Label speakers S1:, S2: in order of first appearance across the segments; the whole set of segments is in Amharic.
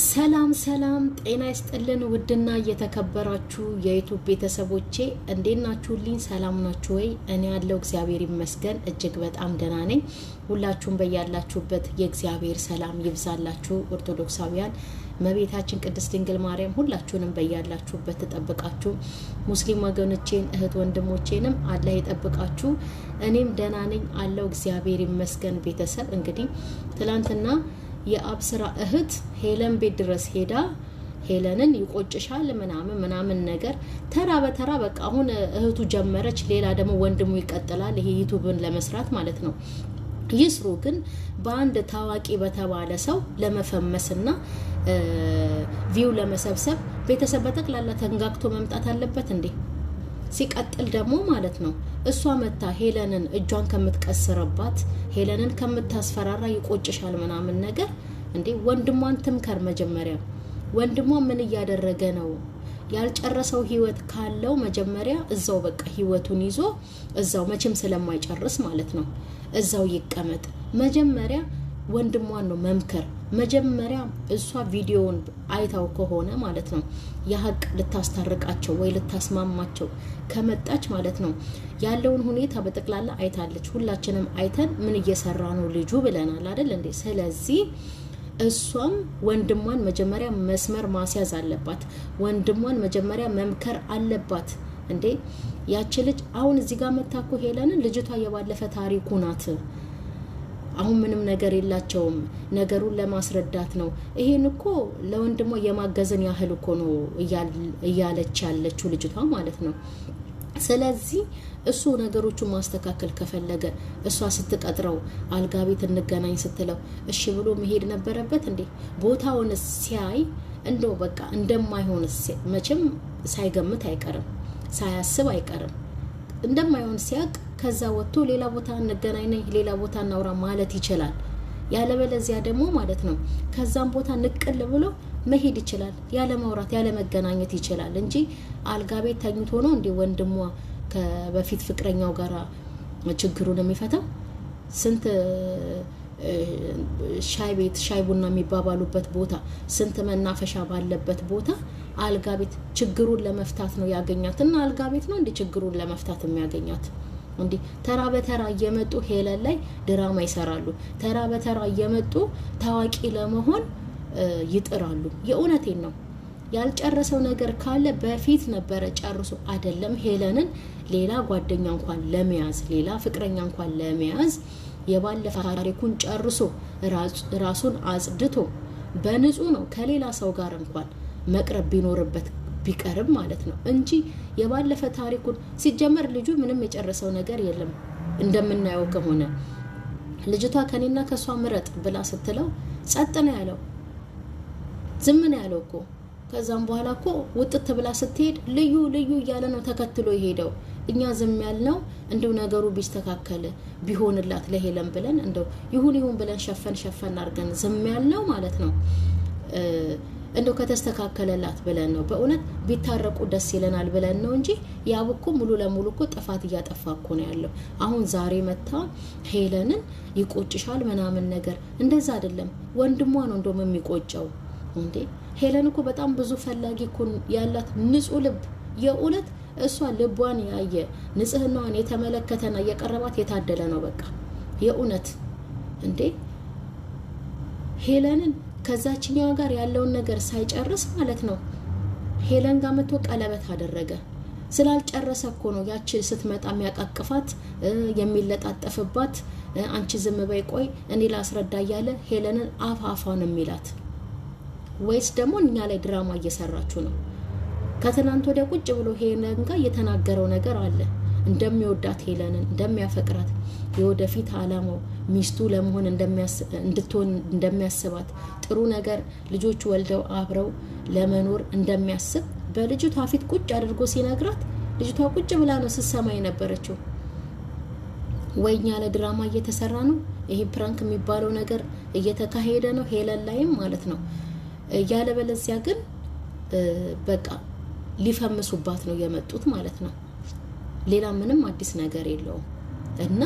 S1: ሰላም ሰላም፣ ጤና ይስጥልን ውድና እየተከበራችሁ የዩቱብ ቤተሰቦቼ እንዴት ናችሁልኝ? ሰላም ናችሁ ወይ? እኔ ያለው እግዚአብሔር ይመስገን እጅግ በጣም ደህና ነኝ። ሁላችሁም በያላችሁበት የእግዚአብሔር ሰላም ይብዛላችሁ። ኦርቶዶክሳውያን መቤታችን ቅድስት ድንግል ማርያም ሁላችሁንም በያላችሁበት ትጠብቃችሁ። ሙስሊም ወገኖቼን እህት ወንድሞቼንም አላህ ይጠብቃችሁ። እኔም ደህና ነኝ አለው እግዚአብሔር ይመስገን። ቤተሰብ እንግዲህ ትላንትና የአብስራ እህት ሄለን ቤት ድረስ ሄዳ ሄለንን ይቆጭሻል ምናምን ምናምን ነገር ተራ በተራ በቃ አሁን እህቱ ጀመረች፣ ሌላ ደግሞ ወንድሙ ይቀጥላል። ይሄ ዩቱብን ለመስራት ማለት ነው። ይስሩ ግን በአንድ ታዋቂ በተባለ ሰው ለመፈመስና ቪው ለመሰብሰብ ቤተሰብ በጠቅላላ ተንጋግቶ መምጣት አለበት እንዴ? ሲቀጥል ደግሞ ማለት ነው እሷ መታ ሄለንን እጇን ከምትቀስርባት ሄለንን ከምታስፈራራ ይቆጭሻል ምናምን ነገር እንዴ ወንድሟን ትምከር መጀመሪያ ወንድሟ ምን እያደረገ ነው ያልጨረሰው ህይወት ካለው መጀመሪያ እዛው በቃ ህይወቱን ይዞ እዛው መቼም ስለማይጨርስ ማለት ነው እዛው ይቀመጥ መጀመሪያ ወንድሟን ነው መምከር። መጀመሪያ እሷ ቪዲዮውን አይታው ከሆነ ማለት ነው የሀቅ ልታስታርቃቸው ወይ ልታስማማቸው ከመጣች ማለት ነው ያለውን ሁኔታ በጠቅላላ አይታለች። ሁላችንም አይተን ምን እየሰራ ነው ልጁ ብለናል አደል እንዴ? ስለዚህ እሷም ወንድሟን መጀመሪያ መስመር ማስያዝ አለባት። ወንድሟን መጀመሪያ መምከር አለባት። እንዴ ያቺ ልጅ አሁን እዚህ ጋር መታኮ ሄለንን ልጅቷ የባለፈ ታሪኩ ናት። አሁን ምንም ነገር የላቸውም። ነገሩን ለማስረዳት ነው። ይሄን እኮ ለወንድሟ የማገዝን ያህል እኮ ነው እያለች ያለችው ልጅቷ ማለት ነው። ስለዚህ እሱ ነገሮቹን ማስተካከል ከፈለገ እሷ ስትቀጥረው አልጋ ቤት እንገናኝ ስትለው እሺ ብሎ መሄድ ነበረበት እንዴ? ቦታውን ሲያይ እንደው በቃ እንደማይሆን መቼም ሳይገምት አይቀርም፣ ሳያስብ አይቀርም። እንደማይሆን ሲያውቅ ከዛ ወጥቶ ሌላ ቦታ እንገናኝ፣ ሌላ ቦታ እናውራ ማለት ይችላል። ያለበለዚያ ደግሞ ማለት ነው ከዛም ቦታ ንቅል ብሎ መሄድ ይችላል። ያለ መውራት ያለ መገናኘት ይችላል እንጂ አልጋ ቤት ተኝቶ ነው እንዲህ ወንድሟ ከበፊት ፍቅረኛው ጋር ችግሩን የሚፈታው ስንት ሻይ ቤት ሻይ ቡና የሚባባሉበት ቦታ ስንት መናፈሻ ባለበት ቦታ አልጋ ቤት ችግሩን ለመፍታት ነው ያገኛት እና አልጋ ቤት ነው እንዲህ ችግሩን ለመፍታት የሚያገኛት እንዲህ ተራ በተራ እየመጡ ሄለን ላይ ድራማ ይሰራሉ። ተራ በተራ እየመጡ ታዋቂ ለመሆን ይጥራሉ። የእውነቴን ነው። ያልጨረሰው ነገር ካለ በፊት ነበረ ጨርሶ አይደለም ሄለንን ሌላ ጓደኛ እንኳን ለመያዝ ሌላ ፍቅረኛ እንኳን ለመያዝ የባለፈ ታሪኩን ጨርሶ ራሱን አጽድቶ በንጹህ ነው ከሌላ ሰው ጋር እንኳን መቅረብ ቢኖርበት ቢቀርም ማለት ነው እንጂ የባለፈ ታሪኩን ሲጀመር ልጁ ምንም የጨረሰው ነገር የለም። እንደምናየው ከሆነ ልጅቷ ከኔና ከእሷ ምረጥ ብላ ስትለው ጸጥ ነው ያለው፣ ዝም ነው ያለው እኮ። ከዛም በኋላ እኮ ውጥት ብላ ስትሄድ ልዩ ልዩ እያለ ነው ተከትሎ የሄደው። እኛ ዝም ያልነው እንደው ነገሩ ቢስተካከል ቢሆንላት ለሄለን ብለን እንደው ይሁን ይሁን ብለን ሸፈን ሸፈን አድርገን ዝም ያልነው ማለት ነው። እንደው ከተስተካከለላት ብለን ነው በእውነት ቢታረቁ ደስ ይለናል ብለን ነው እንጂ ያብ እኮ ሙሉ ለሙሉ እኮ ጥፋት እያጠፋ እኮ ነው ያለው። አሁን ዛሬ መታ ሄለንን ይቆጭሻል ምናምን ነገር እንደዛ አይደለም። ወንድሟ ነው እንደውም የሚቆጨው እንዴ። ሄለን እኮ በጣም ብዙ ፈላጊ እኮ ያላት ንጹሕ ልብ የእውነት እሷ ልቧን ያየ ንጽህናዋን የተመለከተና የቀረባት የታደለ ነው። በቃ የእውነት እንዴ ሄለንን ከዛችኛዋ ጋር ያለውን ነገር ሳይጨርስ ማለት ነው ሄለን ጋር መጥቶ ቀለበት አደረገ። ስላልጨረሰ እኮ ነው ያቺ ስትመጣ የሚያቃቅፋት የሚለጣጠፍባት፣ አንቺ ዝም በይ ቆይ እኔ ላስረዳ እያለ ሄለንን አፍ ነው የሚላት። ወይስ ደግሞ እኛ ላይ ድራማ እየሰራችሁ ነው? ከትናንት ወዲያ ቁጭ ብሎ ሄለን ጋር የተናገረው ነገር አለ እንደሚወዳት ሄለንን እንደሚያፈቅራት የወደፊት አላማው ሚስቱ ለመሆን እንድትሆን እንደሚያስባት ጥሩ ነገር ልጆች ወልደው አብረው ለመኖር እንደሚያስብ በልጅቷ ፊት ቁጭ አድርጎ ሲነግራት ልጅቷ ቁጭ ብላ ነው ስትሰማ የነበረችው። ወይ ለድራማ እየተሰራ ነው፣ ይሄ ፕራንክ የሚባለው ነገር እየተካሄደ ነው ሄለን ላይም ማለት ነው። ያለበለዚያ ግን በቃ ሊፈምሱባት ነው የመጡት ማለት ነው። ሌላ ምንም አዲስ ነገር የለውም። እና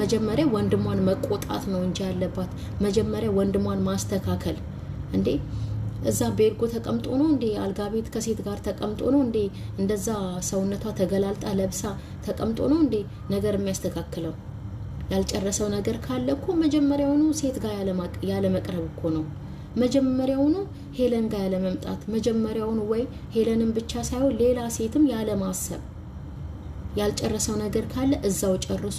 S1: መጀመሪያ ወንድሟን መቆጣት ነው እንጂ ያለባት መጀመሪያ ወንድሟን ማስተካከል እንዴ እዛ ቤርጎ ተቀምጦ ነው እንዴ አልጋ ቤት ከሴት ጋር ተቀምጦ ነው እንዴ እንደዛ ሰውነቷ ተገላልጣ ለብሳ ተቀምጦ ነው እንዴ ነገር የሚያስተካክለው? ያልጨረሰው ነገር ካለ እኮ መጀመሪያውኑ ሴት ጋር ያለመቅረብ እኮ ነው። መጀመሪያውኑ ሄለን ጋር ያለመምጣት፣ መጀመሪያውኑ ወይ ሄለንም ብቻ ሳይሆን ሌላ ሴትም ያለማሰብ ያልጨረሰው ነገር ካለ እዛው ጨርሶ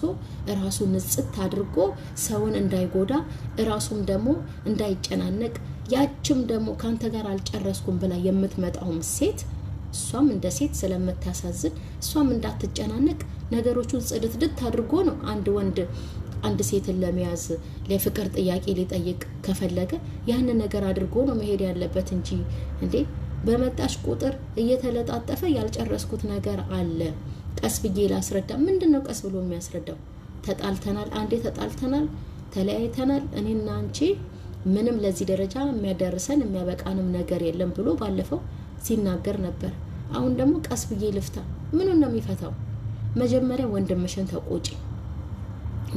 S1: እራሱ ንጽት አድርጎ ሰውን እንዳይጎዳ እራሱም ደግሞ እንዳይጨናነቅ ያችም ደግሞ ካንተ ጋር አልጨረስኩም ብላ የምትመጣውም ሴት እሷም እንደ ሴት ስለምታሳዝን እሷም እንዳትጨናነቅ ነገሮቹን ጽድትድት አድርጎ ነው አንድ ወንድ አንድ ሴትን ለመያዝ ለፍቅር ጥያቄ ሊጠይቅ ከፈለገ ያንን ነገር አድርጎ ነው መሄድ ያለበት እንጂ እንዴ በመጣሽ ቁጥር እየተለጣጠፈ ያልጨረስኩት ነገር አለ ቀስ ብዬ ላስረዳ። ምንድን ነው ቀስ ብሎ የሚያስረዳው? ተጣልተናል፣ አንዴ ተጣልተናል፣ ተለያይተናል፣ እኔና አንቺ ምንም ለዚህ ደረጃ የሚያደርሰን የሚያበቃንም ነገር የለም ብሎ ባለፈው ሲናገር ነበር። አሁን ደግሞ ቀስ ብዬ ልፍታ። ምኑ ነው የሚፈታው? መጀመሪያ ወንድምሽን ተቆጪ።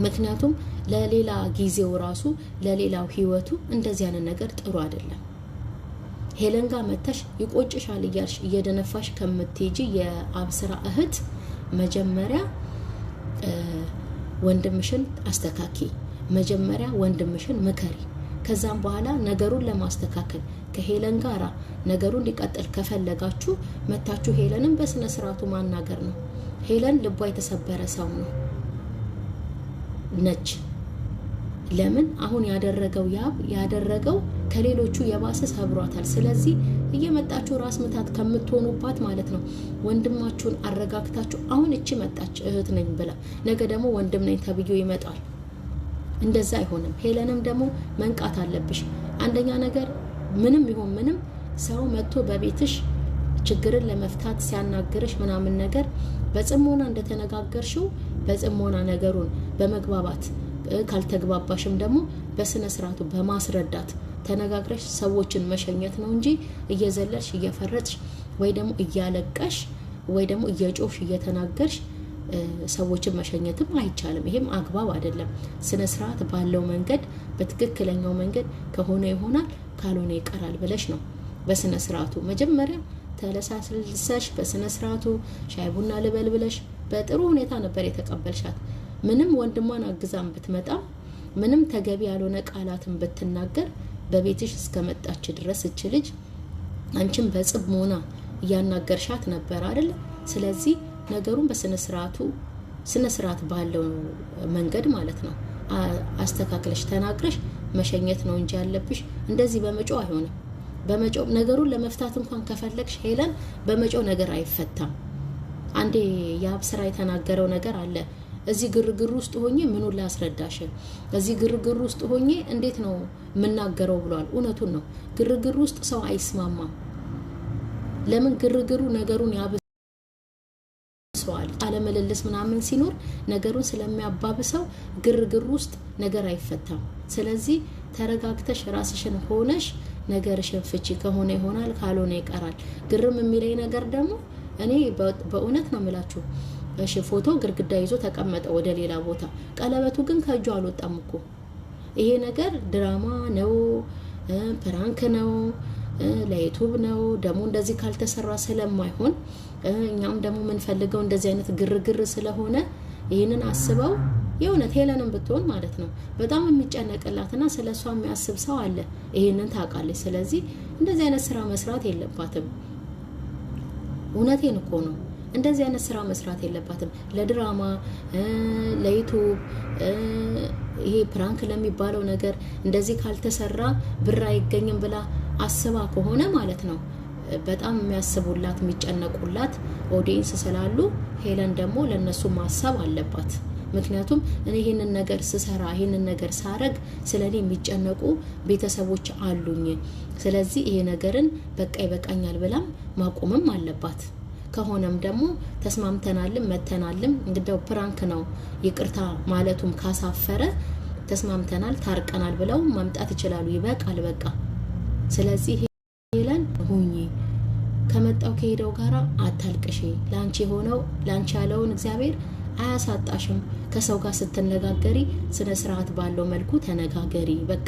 S1: ምክንያቱም ለሌላ ጊዜው ራሱ ለሌላው ህይወቱ እንደዚህ አይነት ነገር ጥሩ አይደለም። ሄለን ጋር መተሽ ይቆጭሻል እያልሽ እየደነፋሽ ከምትሄጂ የአብስራ እህት መጀመሪያ ወንድምሽን አስተካኪ፣ መጀመሪያ ወንድምሽን ምከሪ። ከዛም በኋላ ነገሩን ለማስተካከል ከሄለን ጋራ ነገሩ እንዲቀጥል ከፈለጋችሁ መታችሁ ሄለንን በስነ ስርዓቱ ማናገር ነው። ሄለን ልቧ የተሰበረ ሰው ነው ነች። ለምን አሁን ያደረገው ያብ ያደረገው ከሌሎቹ የባሰ ሰብሯታል። ስለዚህ እየመጣችሁ ራስ ምታት ከምትሆኑባት ማለት ነው ወንድማችሁን አረጋግታችሁ አሁን እቺ መጣች እህት ነኝ ብላ ነገ ደግሞ ወንድም ነኝ ተብዬ ይመጣል። እንደዛ አይሆንም። ሄለንም ደግሞ መንቃት አለብሽ። አንደኛ ነገር ምንም ይሆን ምንም ሰው መጥቶ በቤትሽ ችግርን ለመፍታት ሲያናግርሽ ምናምን ነገር በጽሞና እንደተነጋገርሽው በጽሞና ነገሩን በመግባባት ካልተግባባሽም ደግሞ በስነ ስርዓቱ በማስረዳት ተነጋግረሽ ሰዎችን መሸኘት ነው እንጂ እየዘለልሽ እየፈረጥሽ ወይ ደግሞ እያለቀሽ ወይ ደግሞ እየጮሽ እየተናገርሽ ሰዎችን መሸኘትም አይቻልም። ይሄም አግባብ አይደለም። ስነ ስርዓት ባለው መንገድ በትክክለኛው መንገድ ከሆነ ይሆናል፣ ካልሆነ ይቀራል ብለሽ ነው በስነ ስርዓቱ መጀመሪያ ተለሳልሰሽ በስነ ስርዓቱ ሻይ ቡና ልበል ብለሽ በጥሩ ሁኔታ ነበር የተቀበልሻት። ምንም ወንድሟን አግዛን ብትመጣም ምንም ተገቢ ያልሆነ ቃላትን ብትናገር በቤትሽ እስከመጣች ድረስ እች ልጅ አንቺን በጽብ መሆና እያናገርሻት ነበር አይደል? ስለዚህ ነገሩን በስነ ስነ ስርዓት ባለው መንገድ ማለት ነው አስተካክለሽ ተናግረሽ መሸኘት ነው እንጂ ያለብሽ። እንደዚህ በመጮ አይሆንም። በመጮ ነገሩን ለመፍታት እንኳን ከፈለግሽ ሄለን፣ በመጮ ነገር አይፈታም። አንዴ የአብስራ የተናገረው ነገር አለ እዚህ ግርግር ውስጥ ሆኜ ምኑን ላስረዳሽ? እዚህ ግርግር ውስጥ ሆኜ እንዴት ነው የምናገረው ብሏል። እውነቱን ነው። ግርግር ውስጥ ሰው አይስማማም። ለምን ግርግሩ ነገሩን ያብ አለመለለስ ምናምን ሲኖር ነገሩን ስለሚያባብሰው ግርግር ውስጥ ነገር አይፈታም። ስለዚህ ተረጋግተሽ ራስሽን ሆነሽ ነገርሽን ፍቺ ከሆነ ይሆናል፣ ካልሆነ ይቀራል። ግርም የሚለይ ነገር ደግሞ እኔ በእውነት ነው የምላችሁ እሺ ፎቶ ግድግዳ ይዞ ተቀመጠ ወደ ሌላ ቦታ። ቀለበቱ ግን ከእጁ አልወጣም እኮ። ይሄ ነገር ድራማ ነው፣ ፕራንክ ነው፣ ለዩቱብ ነው። ደግሞ እንደዚህ ካልተሰራ ስለማይሆን እኛም ደግሞ የምንፈልገው እንደዚህ አይነት ግርግር ስለሆነ ይህንን አስበው የእውነት ሄለንም ብትሆን ማለት ነው በጣም የሚጨነቅላትና ስለ እሷ የሚያስብ ሰው አለ። ይህንን ታውቃለች። ስለዚህ እንደዚህ አይነት ስራ መስራት የለባትም። እውነቴን እኮ ነው። እንደዚህ አይነት ስራ መስራት የለባትም። ለድራማ ለዩቱብ ይሄ ፕራንክ ለሚባለው ነገር እንደዚህ ካልተሰራ ብር አይገኝም ብላ አስባ ከሆነ ማለት ነው በጣም የሚያስቡላት የሚጨነቁላት ኦዲየንስ ስላሉ ሄለን ደግሞ ለእነሱ ማሰብ አለባት። ምክንያቱም እኔ ይህንን ነገር ስሰራ ይህንን ነገር ሳረግ ስለ እኔ የሚጨነቁ ቤተሰቦች አሉኝ። ስለዚህ ይሄ ነገርን በቃ ይበቃኛል ብላም ማቆምም አለባት። ከሆነም ደግሞ ተስማምተናልም መተናልም እንግዲያው ፕራንክ ነው ይቅርታ ማለቱም ካሳፈረ ተስማምተናል ታርቀናል ብለው መምጣት ይችላሉ። ይበቃል በቃ። ስለዚህ ሄለን ሁኚ ከመጣው ከሄደው ጋራ አታልቅሽ። ላንቺ የሆነው ላንቺ ያለውን እግዚአብሔር አያሳጣሽም። ከሰው ጋር ስትነጋገሪ ስነ ስርዓት ባለው መልኩ ተነጋገሪ በቃ።